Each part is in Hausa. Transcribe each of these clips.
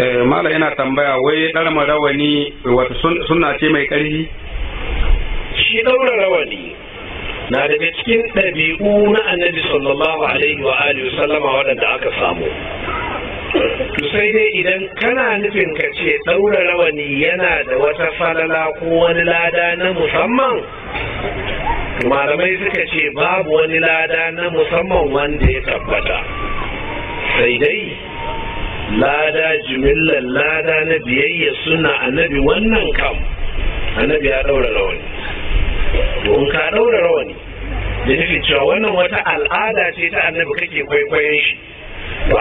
Eh, mala yana tambaya wai ɗarma rawani wata suna ce mai ƙarfi shi ɗaura rawani na daga cikin ɗabi'u na annabi sallallahu alaihi wa alihi sallama waɗanda aka samu to sai dai idan kana nufin ka ce ɗaura rawani yana da wata falala ko wani lada na musamman malamai suka ce babu wani lada na musamman wanda ya tabbata sai dai lada jimillar lada na biyayya suna annabi wannan kam annabi ya daura rawani don ka daura rawani da nufi cewa wannan wata al'ada ce ta annabi kake kwaikwayon shi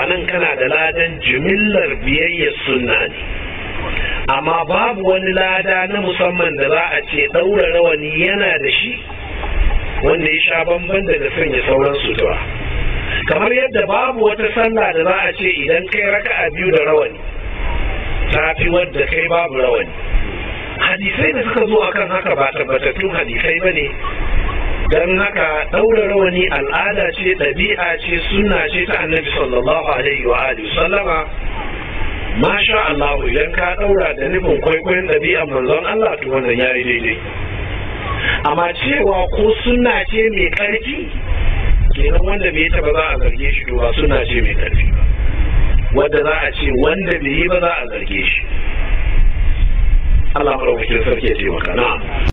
nan kana da ladan jimillar biyayya sunna ne amma babu wani lada na musamman da za a ce daura rawani yana da shi wanda ya sha bamban daga sanya sauran sutura. kamar yadda babu wata sallah da za a ce idan kai raka'a biyu da rawani ta fi wadda kai babu rawani hadisai da suka zo a kan haka ba tabbatattun hadisai ba ne don haka ɗaura rawani al'ada ce ɗabi'a ce suna ce ta annabi sallallahu alaihi wa alihi sallama masha Allah idan ka ɗaura da nufin kwaikwayon ɗabi'a manzon Allah to wannan yayi daidai amma cewa ko suna ce mai ƙarfi kenan wanda bai ta ba za a zarge shi ba suna ce mai karfi wanda za a ce wanda bai yi ba za a zarge shi Allah wakil sarki ya taimaka na